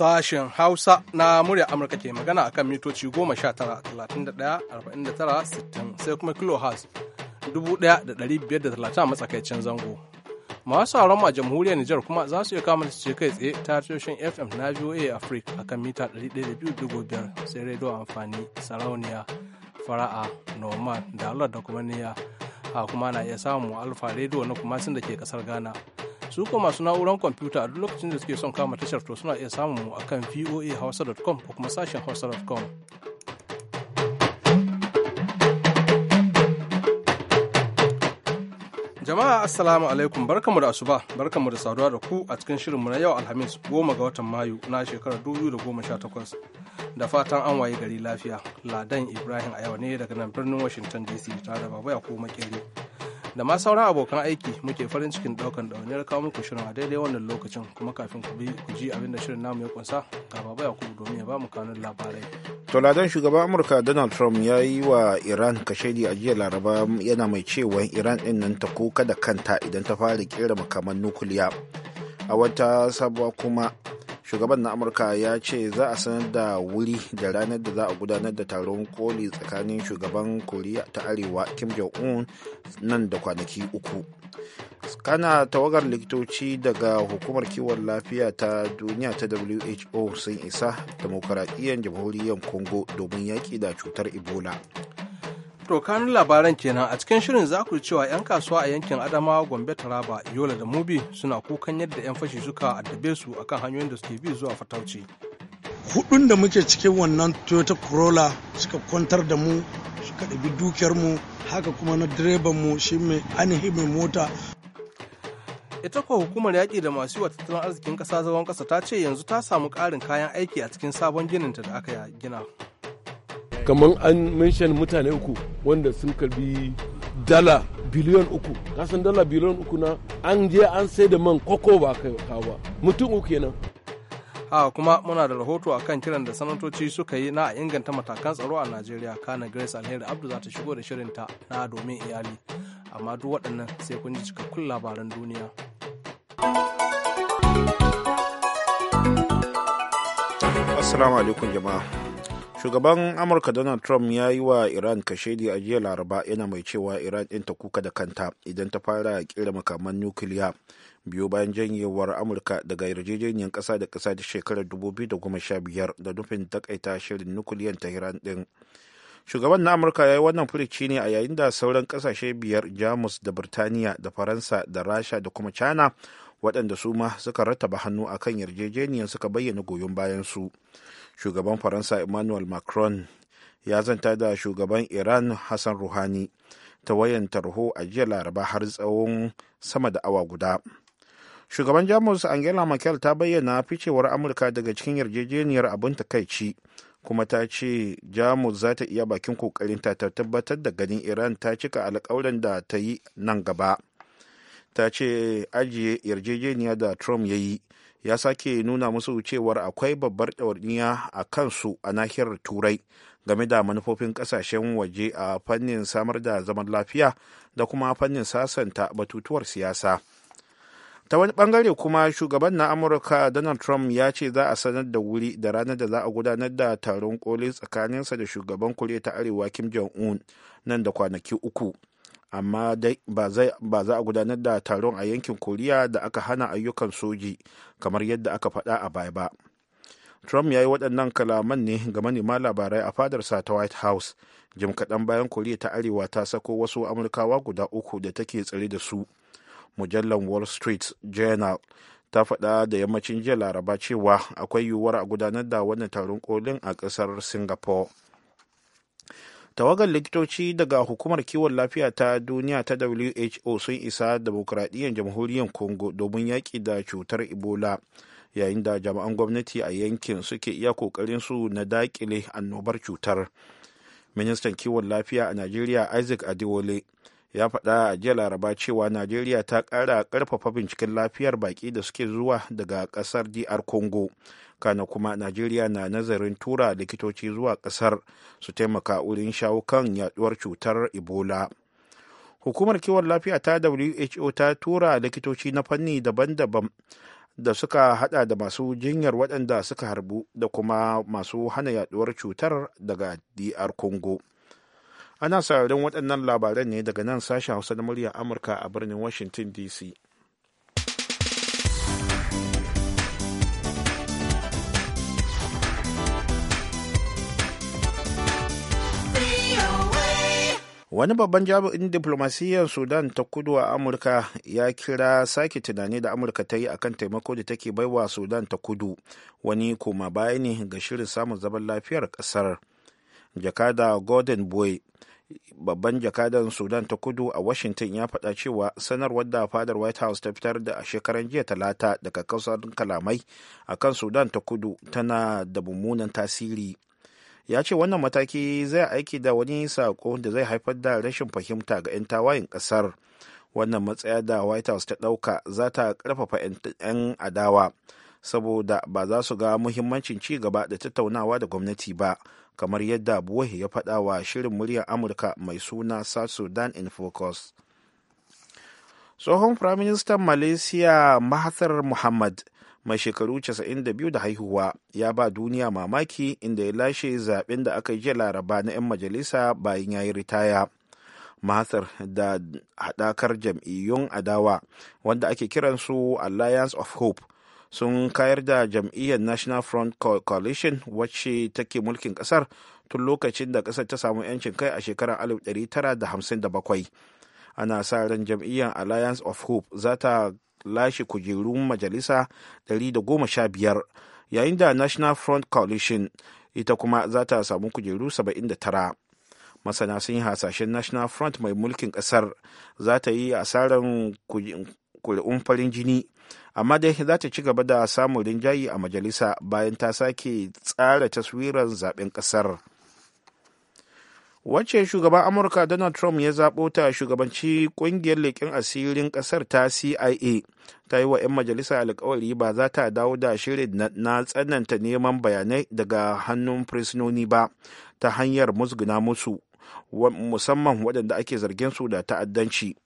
sashen Hausa na murya Amurka ke magana akan mitoci 19-31-49-60 sai kuma kilohertz 1,530 a matsakaicin zango. Masu a a jamhuriyar Nijar kuma za su iya kama ce kai tsaye ta tashoshin FM na VOA Africa akan mita 102.5 sai rediyo amfani sarauniya fara'a normal da allah da kuma niya a kuma na iya samu alfa rediyo na kuma sun da ke kasar Ghana. su kuma masu na'urar kwamfuta a duk lokacin da suke son kama tashar to suna iya samun mu a kan voahausa.com ko kuma sashen hausa.com jama'a assalamu alaikum barkamu da asuba barkamu da saduwa da ku a cikin shirinmu na yau alhamis goma ga watan mayu na shekarar 2018 da fatan an waye gari lafiya ladan ibrahim a yau ne daga nan birnin washington dc tare da baba kuma kere da ma sauran abokan aiki muke farin cikin daukan ɗawainiyar kawo muku shirin a daidai wannan lokacin kuma kafin ku bi ku ji abin da shirin namu ya kunsa ga baba ya kuma domin ya ba mu kanun labarai. to shugaban amurka donald trump ya yi wa iran kashedi a jiya laraba yana mai cewa iran ɗin nan ta kuka da kanta idan ta fara kera makaman nukuliya a wata sabuwa kuma shugaban na amurka ya ce za a sanar da wuri da ranar da za a gudanar da taron koli tsakanin shugaban koriya ta arewa kim jong-un nan da kwanaki uku kana tawagar likitoci daga hukumar kiwon lafiya ta duniya ta who sun isa demokaradiyyar jamhuriyar congo domin yaƙi da cutar ebola To kanun labaran kenan a cikin shirin za ku cewa 'yan kasuwa a yankin Adamawa Gombe Taraba Yola da Mubi suna kukan yadda 'yan fashi suka addabe su akan hanyoyin da suke bi zuwa fatauci. Hudun da muke cikin wannan Toyota Corolla suka kwantar da mu suka ɗabi dukiyar mu haka kuma na direban mu shi mai ainihi mai mota. Ita kuwa hukumar yaƙi da masu yi wa tattalin arzikin ƙasa zagon ƙasa ta ce yanzu ta samu ƙarin kayan aiki a cikin sabon ginin ta da aka gina. kamar an mention mutane uku wanda sun karbi dala biliyon uku kasan dala biliyon uku na an je an sai da man koko ba kai ba mutum uku kenan a kuma muna da rahoto akan kiran da sanatoci suka yi na inganta matakan tsaro a najeriya kana grace alheri abdu za ta shigo da shirinta na domin iyali amma duk waɗannan sai kun ji cikakkun labaran duniya assalamu alaikum jama'a shugaban amurka donald trump ya yi wa iran kashedi a jiya laraba yana mai cewa iran din ta kuka da kanta idan ta fara kira makaman nukiliya biyu bayan janyewar amurka daga yarjejeniyar kasa da kasa da shekarar 2015 da nufin takaita shirin nukiliyan ta iran din. shugaban na amurka ya yi wannan furici ne a yayin da sauran kasashe biyar jamus da birtaniya da faransa da rasha da kuma china waɗanda su ma suka rattaba hannu akan yarjejeniyar suka bayyana goyon bayan su shugaban faransa emmanuel macron ya zanta da shugaban iran hassan ruhani ta wayan tarho a jiya laraba har tsawon sama da awa guda shugaban jamus angela merkel ta bayyana ficewar amurka daga cikin yarjejeniyar abin takaici kuma ta ce jamus za ta iya bakin kokarinta ta tabbatar da ganin iran ta cika alkawarin da ta yi nan gaba ta ce ajiye yarjejeniya da trump ya yi ya sake nuna musu cewar akwai babbar ɗawainiya a kansu a nahiyar turai game da manufofin ƙasashen waje a fannin samar da zaman lafiya da kuma fannin sasanta batutuwar siyasa ta wani bangare kuma shugaban na amurka donald trump ya ce za a sanar da wuri da ranar da za a gudanar da taron koli tsakaninsa da shugaban kuri ta arewa kim jong-un nan da kwanaki uku amma dai ba za a gudanar da taron a yankin koriya da aka hana ayyukan soji kamar yadda aka faɗa a baya ba trump ya yi waɗannan kalaman ne ga manema labarai a fadarsa ta white house jim kaɗan bayan koriya ta arewa ta sako wasu amurkawa guda uku da take tsare da su mujallar wall street journal ta faɗa da yammacin jiya laraba cewa akwai yiwuwar a gudanar da wannan taron kolin a ƙasar singapore tawagar likitoci daga hukumar kiwon lafiya ta duniya ta who sun isa demokuraɗiyyar jamhuriyar congo domin yaƙi da cutar ebola yayin da jami'an gwamnati a yankin suke iya ƙoƙarin su na daƙile annobar cutar ministan kiwon lafiya a najeriya isaac adewale ya faɗa a jiya laraba cewa najeriya ta ƙara ƙarfafa binciken lafiyar baƙi da suke zuwa daga ƙasar dr congo kana kuma najeriya na nazarin tura likitoci zuwa ƙasar su taimaka wurin shawo kan yaduwar cutar ebola hukumar kiwon lafiya ta who ta tura likitoci na fanni daban-daban da suka hada da masu jinyar waɗanda suka harbu da kuma masu hana yaduwar cutar daga dr congo ana sauraron waɗannan labaran ne daga nan sashen hausa na murya amurka a birnin washington dc wani babban jami'in diflomasiyyar sudan ta kudu a amurka ya kira sake tunani da amurka ta yi akan taimako da take baiwa sudan ta kudu wani koma baya ne ga shirin samun zaman lafiyar kasar jakada gordon boy babban jakadan sudan ta kudu a washington ya faɗa cewa sanarwar da fadar white house ta fitar da a shekaran jiya talata daga kasar kalamai a kan sudan ta kudu tana da mummunan tasiri ya ce wannan mataki zai aiki da wani sako da zai haifar da rashin fahimta ga 'yan tawayin kasar wannan matsaya da white house ta ɗauka za ta ƙarfafa 'yan adawa saboda ba za su ga muhimmancin ci gaba da tattaunawa da gwamnati ba. kamar yadda buwahi ya faɗa wa shirin muryar amurka mai suna south sudan in focus tsohon firaministan malaysia mahathir muhammad mai shekaru 92 da haihuwa ya ba duniya mamaki inda ya lashe zaben da aka yi jiya laraba na 'yan majalisa bayan ya yi ritaya mahathir da haɗakar jam'iyyun adawa wanda ake kiransu alliance of hope sun kayar da jam'iyyar national front coalition wacce take mulkin kasar tun lokacin da kasar ta samu 'yancin kai a shekarar 1957 ana sa ran jam'iyyar alliance of hope za ta lashe kujerun majalisa 115 yayin da national front coalition ita kuma za ta samu kujeru 79 masana sun yi hasashen national front mai mulkin kasar za ta yi asarar kuri'un farin jini amma dai za ta ci gaba da samun rinjayi a majalisa bayan ta sake tsara taswirar zaben kasar wacce shugaban amurka donald trump ya zaɓo ta shugabanci ƙungiyar leƙen asirin ƙasar ta cia ta yi wa 'yan majalisa alkawari ba za ta dawo da shirin na tsananta neman bayanai daga hannun fursunoni ba ta hanyar musguna musu musamman waɗanda ake zargin su da ta'addanci.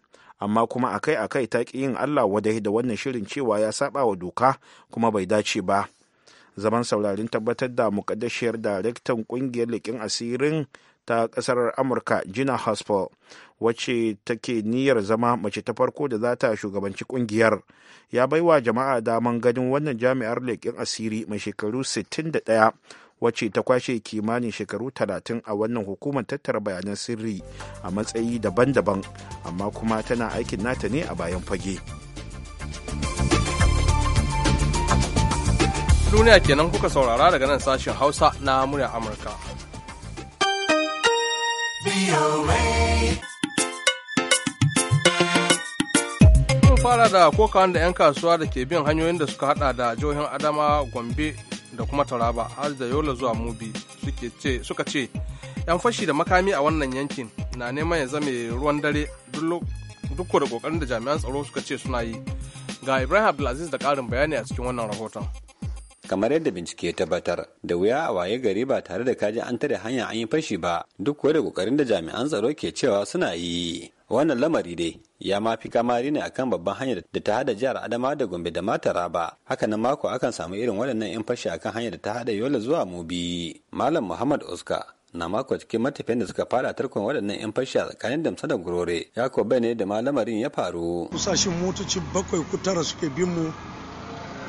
amma kuma akai-akai ta ƙi yin Allah wadai da wannan shirin cewa ya saba wa doka kuma bai dace ba. Zaman saurarin tabbatar da mukaddashiyar daraktan ƙungiyar leƙin asirin ta ƙasar Amurka Gina Haspel wacce take niyyar zama mace ta farko da za ta shugabanci ƙungiyar ya baiwa jama'a daman ganin wannan jami'ar leƙin asiri mai shekaru 61 wacce ta kwashe kimanin shekaru 30 a wannan hukumar tattara bayanan sirri a matsayi daban-daban amma kuma tana aikin nata ne a bayan fage. duniya kenan kuka saurara daga nan sashen hausa na murya amurka fara da kokawan da 'yan kasuwa da ke bin hanyoyin da suka hada da jihohin adama gombe da kuma taraba har da yola zuwa mubi suka ce yan fashi da makami a wannan yankin na neman ya zame ruwan dare duk da kokarin da jami'an tsaro suka ce suna yi ga ibrahim abdulaziz da karin bayani a cikin wannan rahoton kamar yadda bincike ya tabbatar da wuya a waye gari ba tare da kaji an tare hanya an yi fashi ba duk da kokarin da jami'an tsaro ke cewa suna yi wannan lamari dai ya ma fi kamari ne akan babban hanyar da ta hada jihar adama da gombe da mata raba haka na mako akan samu irin waɗannan yan fashi akan hanyar da ta hada yola zuwa mubi malam muhammad Oscar na mako cikin matafiyan da suka fara tarkon waɗannan yan fashi a tsakanin damsa da gurore ya ko bai ne da ma lamarin ya faru kusashen motoci bakwai ku tara suke bin mu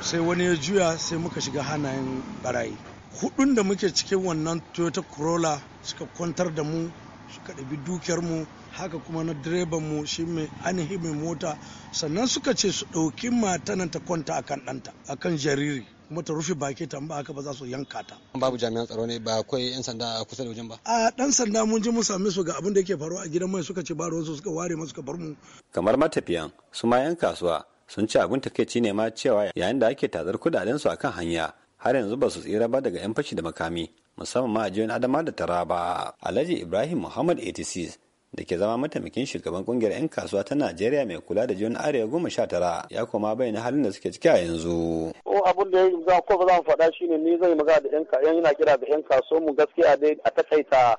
sai wani ya juya sai muka shiga hannayen barayi hudun da muke cikin wannan toyota corolla suka kwantar da mu suka ɗabi dukiyar mu haka kuma na direban mu shi mai ainihin mai mota sannan suka ce su ɗauki mata nan ta kwanta a kan ɗanta a kan jariri kuma ta rufe baki ta ba haka ba za su yanka ta. Babu jami'an tsaro ne ba akwai 'yan sanda a kusa da wajen ba. A ɗan sanda mun ji mu sami su ga abin da yake faruwa a gidan mai suka ce ba ruwansu suka ware masu suka bar mu. Kamar matafiyan su ma 'yan kasuwa sun ce abin takaici ne ma cewa yayin da ake tazar kudaden su akan hanya har yanzu ba su tsira ba daga 'yan fashi da makami musamman ma a jiyon Adama da Taraba. Alhaji Ibrahim Muhammad 86 da ke zama mataimakin shugaban kungiyar 'yan kasuwa ta Najeriya mai kula da jiyon Arewa goma sha tara ya koma bayyana halin da suke ciki a yanzu. Ko abin da ya ko ba za mu faɗa shi ne ni zai magana da 'yan kasuwa yana kira da 'yan kasuwa mu gaskiya dai a takaita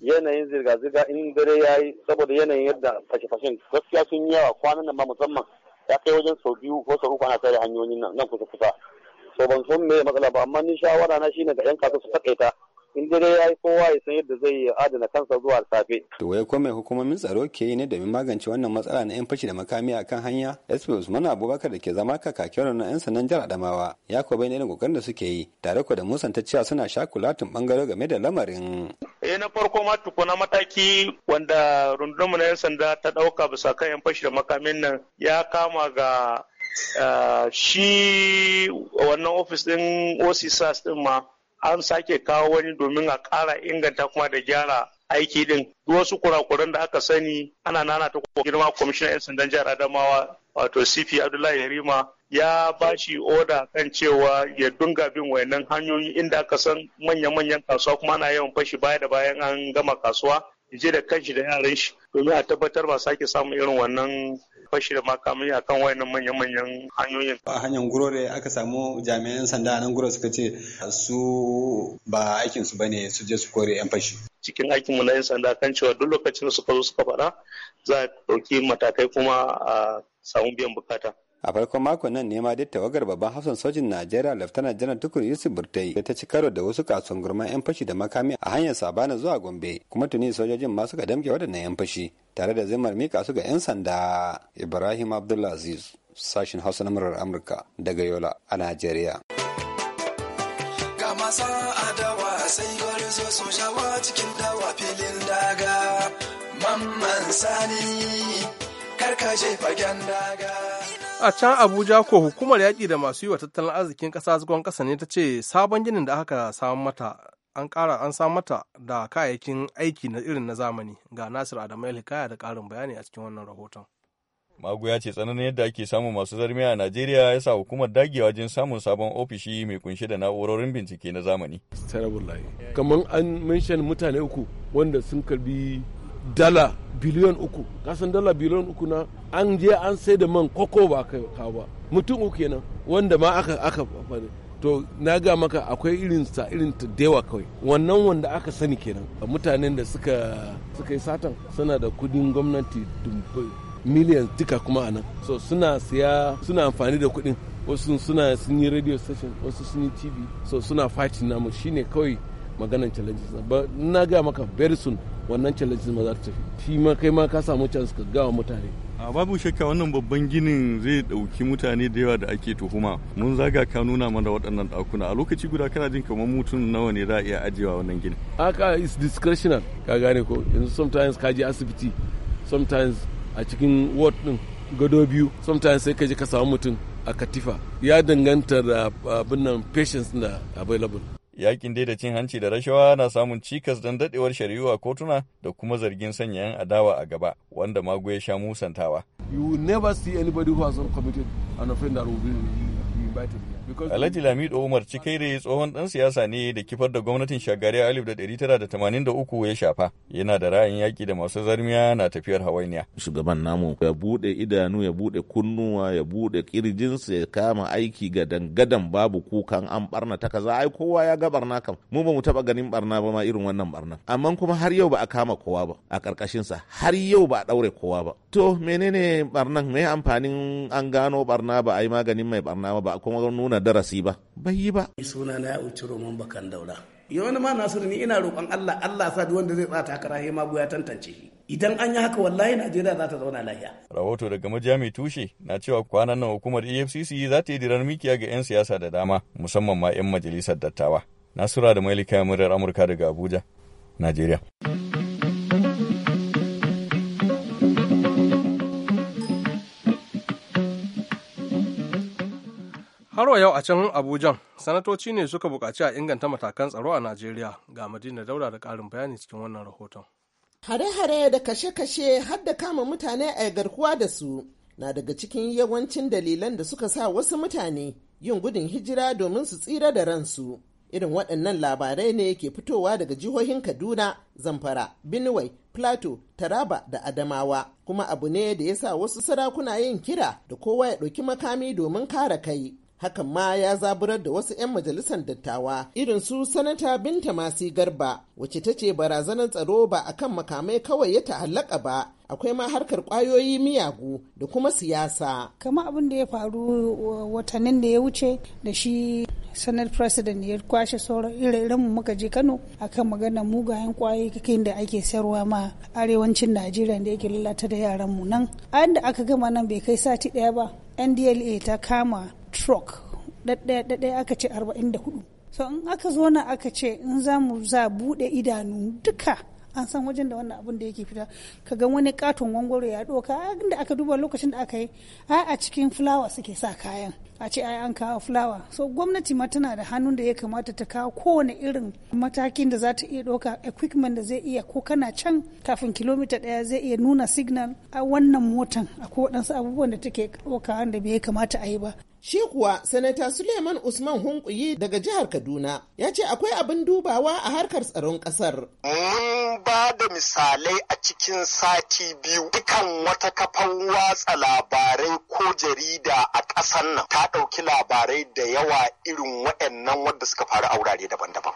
yanayin zirga-zirga in dare ya yi saboda yanayin yadda fashe-fashen gaskiya sun yi yawa kwanan nan ba musamman ya kai wajen sau biyu ko sau uku ana tare hanyoyin nan kusa-kusa. So ban san me matsala ba amma ni shawara na shine ga 'yan kasuwa su takaita. in dare ya yi kowa ya san yadda zai adana kansa zuwa safe. To wai ko mai hukumomin tsaro ke yi ne domin magance wannan matsala na 'yan fashi da makami a kan hanya? SP Usman Abubakar da ke zama kakakin na 'yan sanan jihar Adamawa ya ko bayyana irin kokarin da suke yi tare ko da ta cewa suna sha shakulatin bangare game da lamarin. Eh na farko ma tukuna mataki wanda rundunar mu na 'yan sanda ta ɗauka bisa kan 'yan fashi da makamin nan ya kama ga ah, shi wannan ofis din OCSAS din ma an sake kawo wani domin a ƙara inganta kuma da gyara aiki din wasu kurakuran da aka sani ana nana ta girma kwamishinan 'yan sandan jihar adamawa wato cp abdullahi yarima ya ba shi oda kan cewa ya dunga bin wayannan hanyoyi inda aka san manya-manyan kasuwa kuma ana yawan fashi baya da bayan an gama kasuwa je da kanshi da yaran shi domin a tabbatar ba sake samun irin wannan fashi da makamai a kan wayannan manya-manyan hanyoyin. A hanyar gurore aka samu jami'an sanda a nan suka ce su ba aikinsu ba ne su je su kore 'yan fashi. Cikin aikin mu na 'yan sanda kan cewa duk lokacin da suka zo suka faɗa za a ɗauki matakai kuma a samu biyan bukata. a farkon makon nan ne ma dai tawagar babban hafsan sojin najeriya laftana janar tukur yusuf burtai da ta ci karo da wasu kasuwan gurman yan fashi da makami a hanyar sabana zuwa gombe kuma tuni sojojin ma suka damke waɗannan yan fashi tare da zimar mika su ga yan sanda ibrahim abdulaziz sashin hausa na murar amurka daga yola a najeriya a dawa sai cikin dawa filin daga mamman sani ka je daga a can abuja ko hukumar yaƙi da masu yi wa tattalin arzikin ƙasa zagon ƙasa ne ta ce sabon ginin da aka samu mata an ƙara an samu mata da kayayyakin aiki na irin na zamani ga nasir adamu hikaya da ƙarin bayani a cikin wannan rahoton Magu ya ce tsananin yadda ake samun masu zarmi a Najeriya ya sa hukumar dagewa wajen samun sabon ofishi mai kunshe da na'urorin bincike na zamani. Kamar an mention mutane uku wanda sun karbi dala biliyan uku kasan dala biliyan uku na an je an sai da man koko ba kawo ba mutum uku kenan wanda ma aka aka faɗi to na ga maka akwai irin sa irin ta dewa kawai wannan wanda aka sani kenan mutanen da suka suka yi satan suna da kudin gwamnati miliyan duka kuma anan nan so suna siya suna amfani da kudin wasu suna sun yi radio station wasu sun yi tv so suna fatin namu shine kawai maganan challenges ba na ga maka very soon wannan challenges ma za ta tafi shi ma kai ma ka samu chance ka gawa mutane a babu shakka wannan babban ginin zai dauki mutane da yawa da ake tuhuma mun zaga ka nuna mana waɗannan ɗakuna a lokaci guda kana jin kamar mutum nawa ne za a iya ajiyewa wannan ginin aka is discretional ka gane ko yanzu sometimes ka je asibiti sometimes a cikin ward din gado biyu sometimes sai ka je ka samu mutum a katifa ya danganta da abin nan patients na available Yakin dai da cin hanci da rashawa na samun cikas don daɗewar shari'u a kotuna da kuma zargin sanya yan adawa a gaba wanda mago ya sha musantawa. You will never see anybody who has not committed an offender will be invited. Alhaji Lamido Umar Cikaire tsohon dan siyasa ne da kifar da gwamnatin shagari alif da ɗari tara da ya shafa. Yana da ra'ayin yaki da masu zarmiya na tafiyar hawainiya. Shugaban namu ya bude idanu ya bude kunnuwa ya bude kirjinsa ya kama aiki ga dangadan babu kukan an barna ta kaza ai kowa ya ga barna kam mu ba mu taɓa ganin barna ba ma irin wannan barna. Amma kuma har yau ba a kama kowa ba a ƙarƙashinsa har yau ba a ɗaure kowa ba. To menene barnan mai amfanin an gano barna ba a maganin mai barna ba kuma nuna mana darasi ba bai yi ba suna na ya uci roman bakan daura wani ma nasiru ni ina roƙon Allah Allah sa wanda zai tsata ka ya ma ya tantance shi idan an yi haka wallahi Najeriya za ta zauna lafiya rahoto daga majami tushe na cewa kwanan nan hukumar EFCC za ta yi dirar mikiya ga 'yan siyasa da dama musamman ma 'yan majalisar dattawa Nasura da Mailika Murar Amurka daga Abuja Najeriya Har yau a can Abuja, sanatoci ne suka buƙaci a inganta matakan tsaro a Najeriya ga Madina Daura da ƙarin bayani cikin wannan rahoton. Hare-hare da kashe-kashe har da kama mutane a garkuwa da su na daga cikin yawancin dalilan da suka sa wasu mutane yin gudun hijira domin su tsira da ransu. Irin waɗannan labarai ne ke fitowa daga jihohin Kaduna, Zamfara, Benue, Plateau, Taraba da Adamawa, kuma abu ne da ya sa wasu sarakuna yin kira da kowa ya ɗauki makami domin kare kai. hakan ma ya zaburar da wasu 'yan majalisar dattawa irin su sanata binta masu garba wacce ta ce barazanar tsaro ba a kan makamai kawai ya ta'allaka ba akwai ma harkar kwayoyi miyagu da kuma siyasa kama abin da ya faru watannin da ya wuce da shi sanar president ya kwashe sauran irin mu muka je kano akan magana mugayen kwayoyin da ake sayarwa ma arewacin najeriya da yake lalata da yaran mu nan an da aka gama nan bai kai sati daya ba ndla ta kama daɗaya ɗaɗɗaya aka ce 44 so in aka zo aka ce in za mu za buɗe idanu duka an san wajen da wannan abin da yake fita ka ga wani katon gwangwaro ya doka inda aka duba lokacin da aka yi a cikin fulawa suke sa kayan a ce ai an kawo fulawa so gwamnati ma tana da hannun da ya kamata ta kawo kowane irin matakin da za ta iya ɗauka equipment da zai iya ko kana can kafin kilomita ɗaya zai iya nuna signal a wannan motan akwai waɗansu abubuwan da take ɗauka da bai kamata a yi ba Shi kuwa Sanata Suleiman Usman Hunkuyi daga jihar Kaduna ya ce akwai abin dubawa a harkar tsaron ƙasar. Mun ba da misalai a cikin sati biyu dukan wata kafan watsa labarai ko jarida a ƙasar nan ta ɗauki labarai da yawa irin waɗannan wadda suka faru a wurare daban-daban.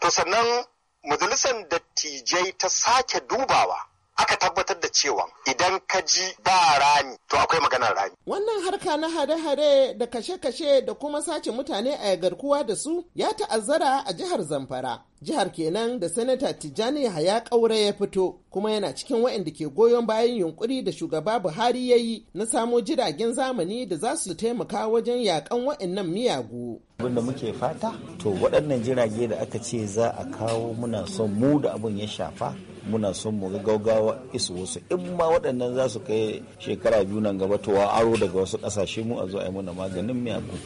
To sannan majalisar dattijai ta sake dubawa. aka tabbatar da cewa idan ka ji ba rami to akwai maganar rani. Wannan harka na hare-hare da kashe-kashe da kuma sace mutane a garkuwa da su ya ta'azzara a jihar Zamfara. Jihar kenan da Sanata Tijjani Yahaya Kaure ya fito kuma yana cikin waɗanda ke goyon bayan yunkuri da shugaba Buhari ya yi na samo jiragen zamani da za su taimaka wajen yakan waɗannan miyagu. Abin da muke fata to waɗannan jirage da aka ce za a kawo muna son mu da abin ya shafa muna son mu ga gaugawa isu wasu in ma waɗannan za su kai shekara biyu nan gaba to aro daga wasu ƙasashe mu a zo a yi mana maganin miyagun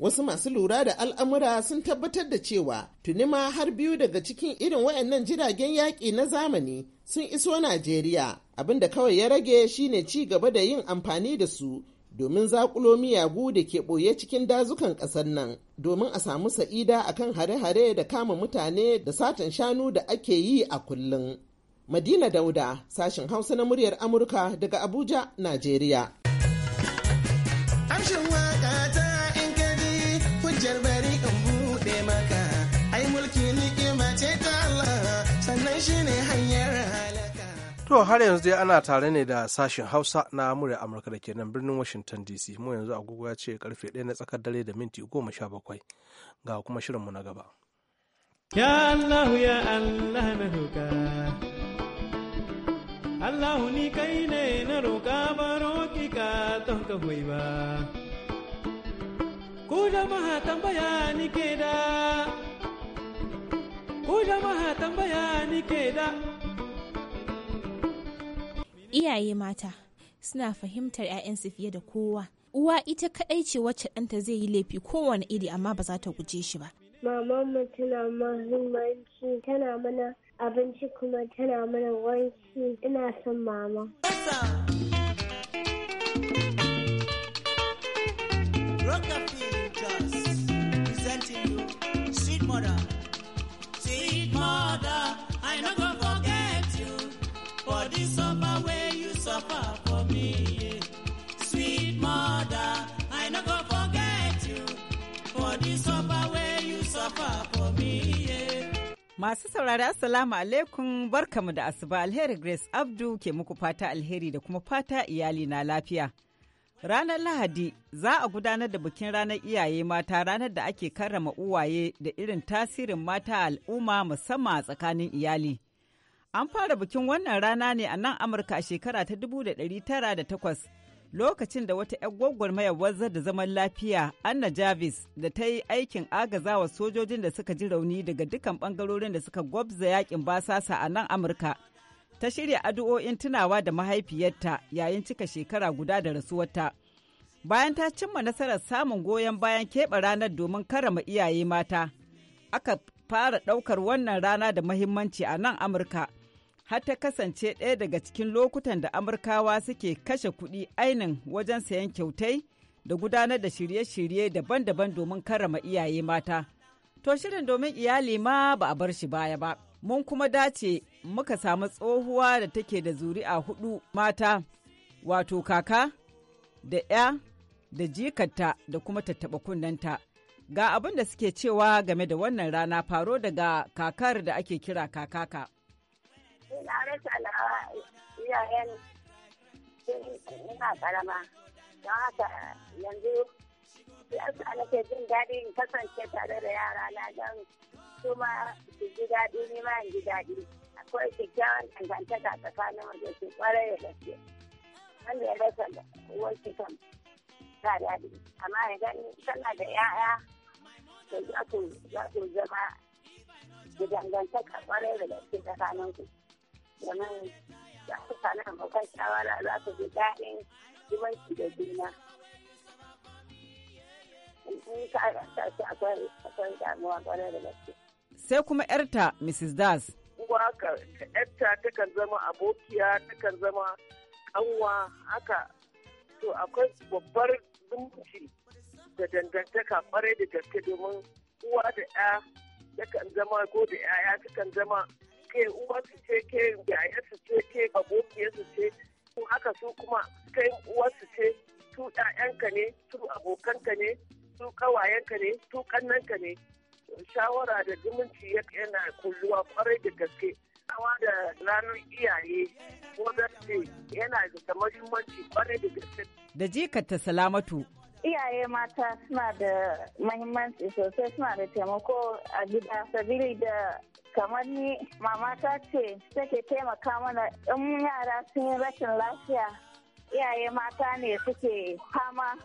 wasu masu lura da al'amura sun tabbatar da cewa tuni ma har biyu daga cikin irin wayannan jiragen yaƙi na zamani sun iso najeriya abin da kawai ya rage shine ci gaba da yin amfani da su domin zakulo miyagu da ke ɓoye cikin dazukan ƙasar nan domin a samu sa'ida akan hare-hare da kama mutane da satan shanu da ake yi a kullum Madina Dauda, sashen Hausa na muryar Amurka daga Abuja, Najeriya. Amshin waƙata in buɗe maka, ai mulki hanyar halaka. To har yanzu dai ana tare ne da sashen Hausa na muryar Amurka da ke nan birnin Washington DC, mu yanzu agogo ya ce karfe ɗaya na tsakar dare da minti goma sha bakwai ga kuma shirin mu na gaba. Ya Allah ya Allah na Allahu ni kai ne na roƙa baro ki ka don ka ba. Ku jama'a tambaya ni ke da, ku jama'a tambaya ni ke da. Iyaye mata suna fahimtar 'ya'yansu fiye da kowa. Uwa ita kaɗai ce wacce ɗanta zai yi laifi kowane iri amma ba za ta guje shi ba. Mama tana mahimmanci tana mana abinci kuma tana mana wanki ina son mama. Rockefeller just presenting you, sweet mother, sweet mother, I know Masu saurari Assalamu alaikum barkamu da asuba alheri Grace Abdu ke muku fata alheri da kuma fata iyali na lafiya. Ranar Lahadi za a gudanar da bikin ranar iyaye mata ranar da ake karrama uwaye da irin tasirin mata al'umma musamman a tsakanin iyali. An fara bikin wannan rana ne a nan Amurka a shekara ta 1908 lokacin da wata 'yan gwagwarmaya wazzar da zaman lafiya Anna Jarvis da ta yi aikin agazawa sojojin da suka ji rauni daga dukkan bangarorin da suka gwabza yakin basasa a nan Amurka. Ta shirya addu'o'in tunawa da mahaifiyarta yayin cika shekara guda da rasuwarta. Bayan ta cimma nasarar samun goyon bayan keɓe ranar domin karama iyaye mata, aka fara ɗaukar wannan rana da mahimmanci a nan Amurka. har ta kasance ɗaya daga cikin lokutan da Amurkawa suke kashe kuɗi ainin wajen sayan kyautai da gudanar da shirye-shirye daban-daban domin karrama iyaye mata. To shirin domin iyali ma ba a bar shi baya ba. Mun kuma dace muka samu tsohuwa da take da zuri'a hudu mata, wato kaka da ‘ya da jikarta da kuma tattaɓa kunnanta. Ga abin da suke cewa game da wannan rana faro daga kakar da ake kira kakaka. na rasa alawa iyayen ina karama don haka yanzu yasa nake jin daɗi in kasance tare da yara na don su ma su ji daɗi ni ma in ji daɗi akwai kyakkyawan dangantaka tsakanin mu da su kwarai da gaske wanda ya rasa ba daɗi amma da 'ya'ya to za zama da dangantaka kwarai da gaske tsakanin domin ji daɗin da juna. Sai kuma 'yarta Mrs. Das. Kuma ka 'yarta takan zama abokiya takan zama ƙanwa haka to akwai babbar zumunci da dangantaka kwarai da gaske domin uwa da 'ya takan zama ko da 'ya'ya takan zama ke uwarsu ce ke yayarsu ce ke abokiyarsu ce su haka su kuma kai uwarsu ce su ɗayanka ne su abokanka ne su kawayenka ne su kannanka ne shawara da zumunci yana kulluwa kwarai da gaske kawa da ranar iyaye ko yana da muhimmanci kwarai da gaske. Da jikata salamatu iyaye mata suna da mahimmanci sosai suna da taimako a gida sabili da kamar ni mamata ce take taimaka mana in yara sun yi rashin lafiya iyaye mata ne suke fama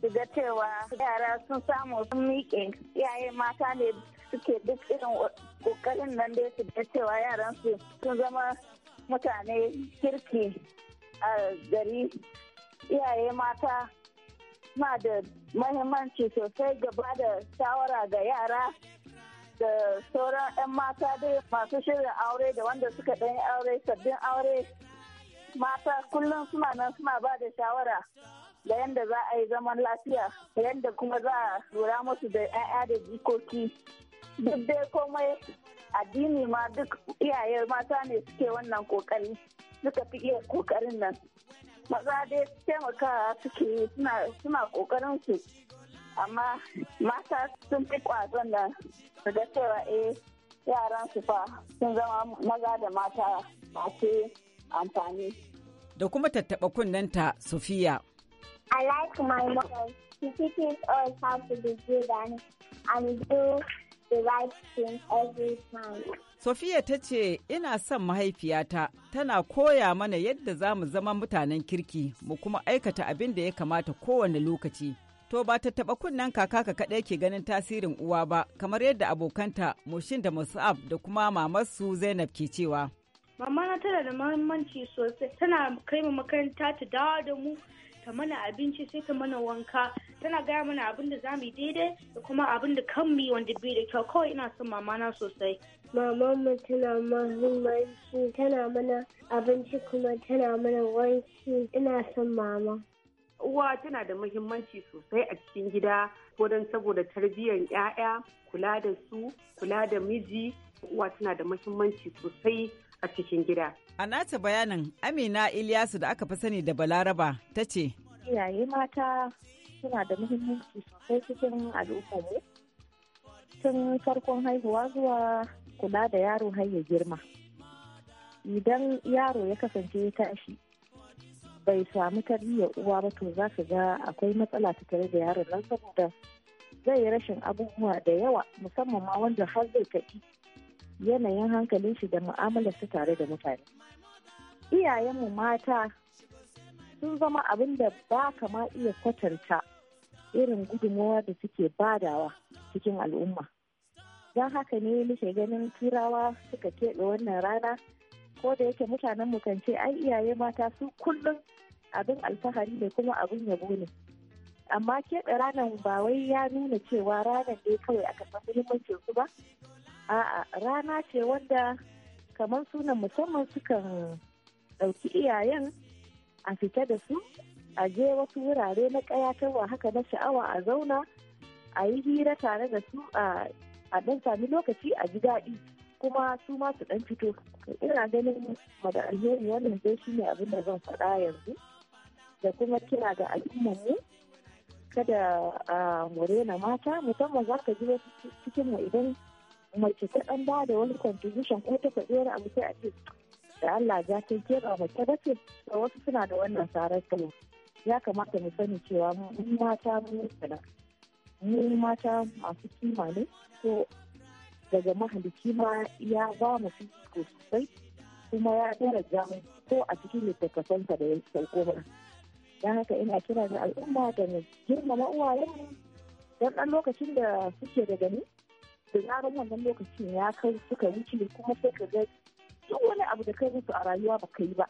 su ga cewa yara sun samu sun miƙe iyaye mata ne suke duk irin ƙoƙarin nan da su ga cewa yaran su sun zama mutane kirki a gari iyaye mata suna da mahimmanci sosai gaba da shawara ga yara da sauran 'yan mata dai masu shirin aure da wanda suka ɗan aure sabbin aure mata kullum suna nan suna ba da shawara da yadda za a yi zaman lafiya da yadda kuma za a lura musu da 'ya'ya da jikoki duk dai komai addini ma duk iyaye mata ne suke wannan kokari suka fi iya kokarin nan maza dai taimakawa suke suna kokarin su amma mata sun fi kwazon da daga cewa eh yaran su fa sun zama maza da mata masu amfani. Da kuma tattaɓa kunnenta Sofiya. I like my mother. She teaches us how to be good and, and do the Sofiya ta ce, Ina son mahaifiyata, tana koya mana yadda za mu zama mutanen kirki, mu kuma aikata abin da ya kamata kowane lokaci. To ba ta taɓa kunnen kakaka kaɗai ke ganin tasirin uwa ba, kamar yadda abokanta Mushin da Musa'ab da kuma mamarsu Zainab ke cewa. Mama na tana da mahimmanci sosai, tana kai mu makaranta ta dawo da mu, ta mana abinci sai ta mana wanka tana gaya mana abin da zamu daidai da kuma abin da kan mi wanda bai da kyau kawai ina son mama na sosai mama mu tana mahimmanci tana mana abinci kuma tana mana wanki ina son mama uwa tana da mahimmanci sosai a cikin gida ko don saboda tarbiyyar 'ya'ya kula da su kula da miji uwa tana da mahimmanci sosai a cikin gida. A nata bayanin Amina Ilyasu da aka fi sani da Balaraba ta ce. Iyaye mata suna da muhimmanci sosai cikin al'ummarmu tun farkon haihuwa zuwa kula da yaro har ya girma. Idan yaro ya kasance ya tashi bai samu tarbiyyar uwa ba to za ga akwai matsala ta tare da yaron nan saboda zai yi rashin abubuwa da yawa musamman ma wanda har zai tafi yanayin hankalin shi da su tare da mutane iyayenmu mata sun zama abin da ba kama iya kwatanta irin gudunmawa da suke badawa cikin al'umma don haka ne muke ganin turawa suka keɓe wannan rana ko da yake mutanen mu kan ce ai iyaye mata su kullum abin alfahari ne kuma abin yabo ne amma keɓe ranar ba wai ya nuna cewa ranar ne kawai aka san muhimmancin su ba a'a rana ce wanda kamar sunan musamman sukan ɗauki iyayen a fita da su a je wasu wurare na ƙayatarwa haka na sha'awa a zauna a yi hira tare da su a ɗan sami lokaci a ji daɗi kuma su ma su ɗan fito ina ganin mada alheri wannan zai shi ne abin da zan faɗa yanzu da kuma kira ga mu kada a morena mata musamman za ka ji wasu cikinmu idan mace ta dan ba da wani contribution ko ta faɗi wani abu sai a ce da Allah ja ta kera mace ba ce da wasu suna da wannan tsarar kuma ya kamata mu sani cewa mun mata mu sana mu mata masu kima ne ko daga mahalicci ma ya ba mu fiko sosai kuma ya daraja mu ko a cikin littattafansa da ya sauko dan haka ina kira ga al'umma da mu girmama uwayenmu don ɗan lokacin da suke da gani da zarar wannan lokacin ya kai suka wuce kuma sai ka ga duk wani abu da kai musu a rayuwa ba ka yi ba.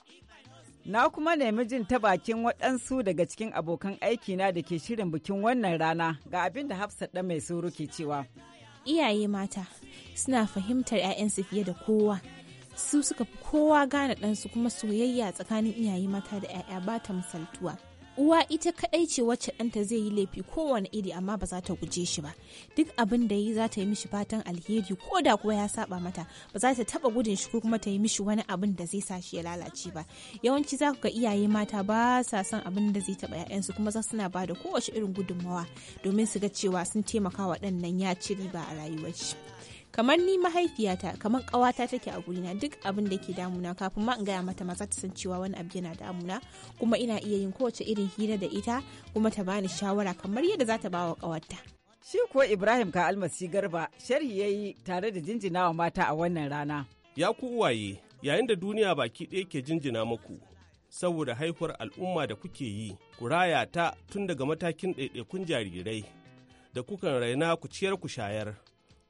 Na kuma nemi jin ta bakin waɗansu daga cikin abokan aikina da ke shirin bikin wannan rana ga abin da Hafsat ɗan mai sauro ke cewa. Iyaye mata suna fahimtar 'ya'yansu fiye da kowa. Su suka fi kowa gane ɗansu kuma soyayya tsakanin iyaye mata da 'ya'ya ba ta misaltuwa. uwa ita kadai ce wacce ɗanta zai yi laifi kowane iri amma ba za ta guje shi ba duk abin da yi za ta yi mishi fatan alheri ko da kuwa ya saba mata ba za ta taba gudun shi ko kuma ta yi mishi wani abin da zai sa shi ya lalace ba yawanci za ku ga iyaye mata ba sa son abin da zai taba ƴaƴansu kuma za suna ba da kowace irin gudunmawa domin su ga cewa sun taimaka wa ɗannan ya ciri ba a rayuwar shi. kamar ni mahaifiyata kamar ƙawata take a gurina duk abin da ke damuna kafin ma in gaya mata maza ta san cewa wani abu yana damuna kuma ina iya yin kowace irin hira da ita kuma ta bani shawara kamar yadda za ta ba wa Shi ko Ibrahim ka almasi garba sharhi ya yi tare da jinjinawa mata a wannan rana. Ya ku uwaye yayin da duniya baki ɗaya ke jinjina muku saboda haihuwar al'umma da kuke yi ku raya ta tun daga matakin ɗaiɗaikun jarirai da kukan raina ku ciyar ku shayar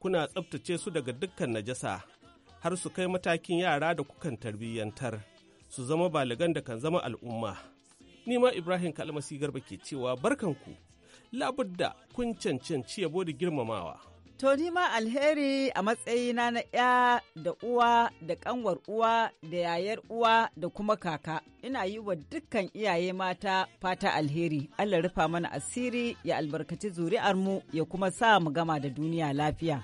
kuna tsabtace su daga dukkan najasa har su kai matakin yara da kukan tarbiyyantar su zama baligan da kan zama al'umma ni ma ibrahim kalmasi garba ke cewa barkanku labudda kun cancanci yabo da girmamawa To ni ma alheri a matsayina na ya da uwa da kanwar uwa da yayar uwa da kuma kaka. Ina yi wa dukkan iyaye mata fata alheri. Allah rufa mana asiri ya albarkaci zuri'armu ya kuma sa mu gama da duniya lafiya.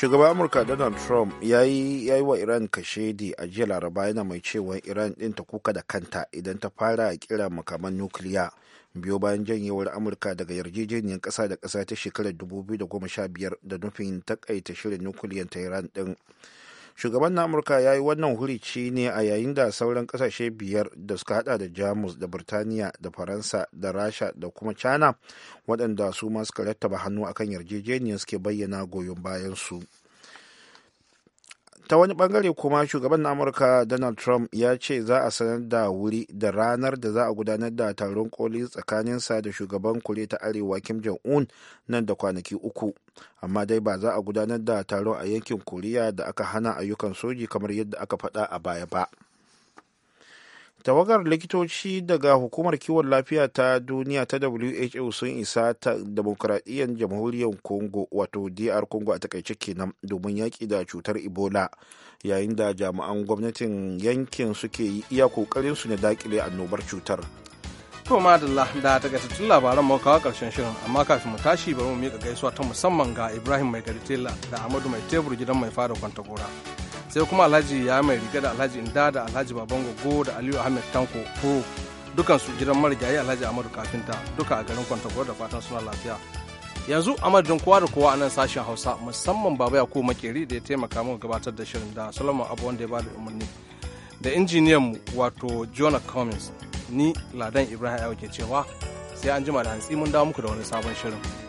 shugaban amurka donald trump ya yi wa iran kashedi a jiya laraba yana mai cewa iran din ta kuka da kanta idan ta fara kira makaman nukiliya biyo bayan janyewar amurka daga yarjejeniyar kasa da kasa ta shekarar 2015 da nufin takaita shirin nukiliyan ta iran din. shugaban na amurka ya yi wannan hurici ne a yayin da sauran kasashe biyar da suka hada da jamus da birtaniya da faransa da rasha da kuma china waɗanda su ma suka rattaba hannu akan yarjejeniyar suke bayyana goyon bayan su. ta wani bangare kuma shugaban amurka donald trump ya ce za a sanar da wuri da ranar da za a gudanar da taron koli tsakanin sa da shugaban kure ta arewa kim jong-un nan da kwanaki uku amma dai ba za a gudanar da taron a yankin koriya da aka hana ayyukan soji kamar yadda aka faɗa a baya ba. tawagar likitoci daga hukumar kiwon lafiya ta duniya ta who sun isa ta demokuraɗiyyar jamhuriyar congo wato dr congo a takaice kenan domin yaƙi da cutar ebola yayin da jami'an gwamnatin yankin suke yi iya ƙoƙarin su na daƙile annobar cutar to madalla da takaitattun labaran makawa kawo karshen shirin amma kafin mu tashi bari mu miƙa gaisuwa ta musamman ga ibrahim mai tela da amadu mai tebur gidan mai fada gora sai kuma alhaji ya mai riga da alhaji inda da alhaji baban gogo da aliyu ahmed tanko ko dukansu gidan marigayi alhaji amadu kafinta duka a garin kwantakwar da fatan suna lafiya yanzu a madadin kowa da kowa a nan sashen hausa musamman baba ya ko makeri da ya taimaka min gabatar da shirin da solomon abu wanda ya bada umarni da injiniyan mu wato jonah cummins ni ladan ibrahim ke cewa sai an jima da hantsi mun dawo muku da wani sabon shirin